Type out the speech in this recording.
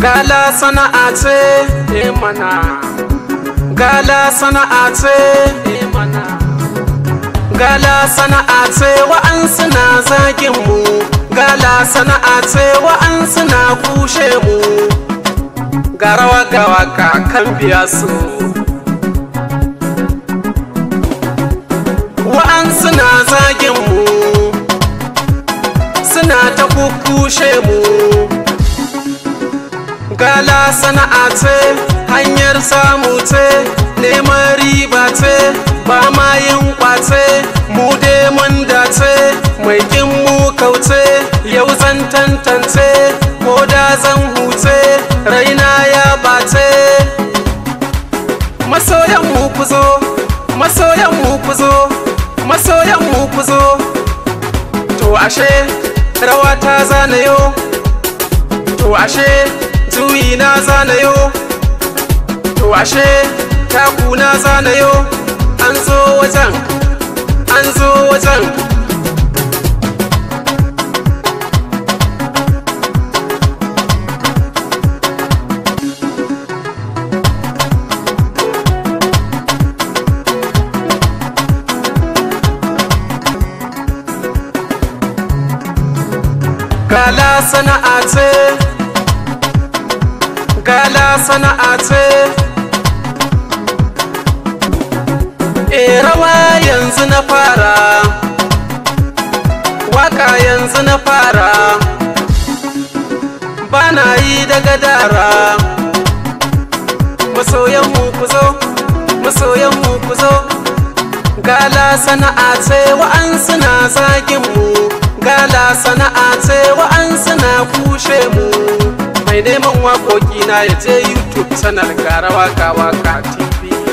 gala sana ce eh mana gala sana ce eh mana gala sana ce wa'an suna zagin mu gala sana ce wa'an suna kushe mu garawa gawa ka kan biya su wa'an suna zagin mu suna ta kukushe mu lala sana'a ce hanyar samu ce neman riba ce ba ma yin kwace mu dai mun dace mai kin mu kauce yau zan tantance ko da zan huce raina ya bace masoyan mu kuzo masoyan mu kuzo masoyan mu kuzo to ashe rawa ta yo? to ashe zuwi na zanayo to ashe taku na zanayo an zo wajen an zo wajen kala sana'a ce sana'a ce e, rawa yanzu na fara waka yanzu na fara ba na yi daga dara masoyan mu ku zo masoyan mu ku zo gala sana'a ce wa'an suna zagin mu gala sana'a ce wa'an suna neman wakoki na ya je youtube sanar gara waka waka tv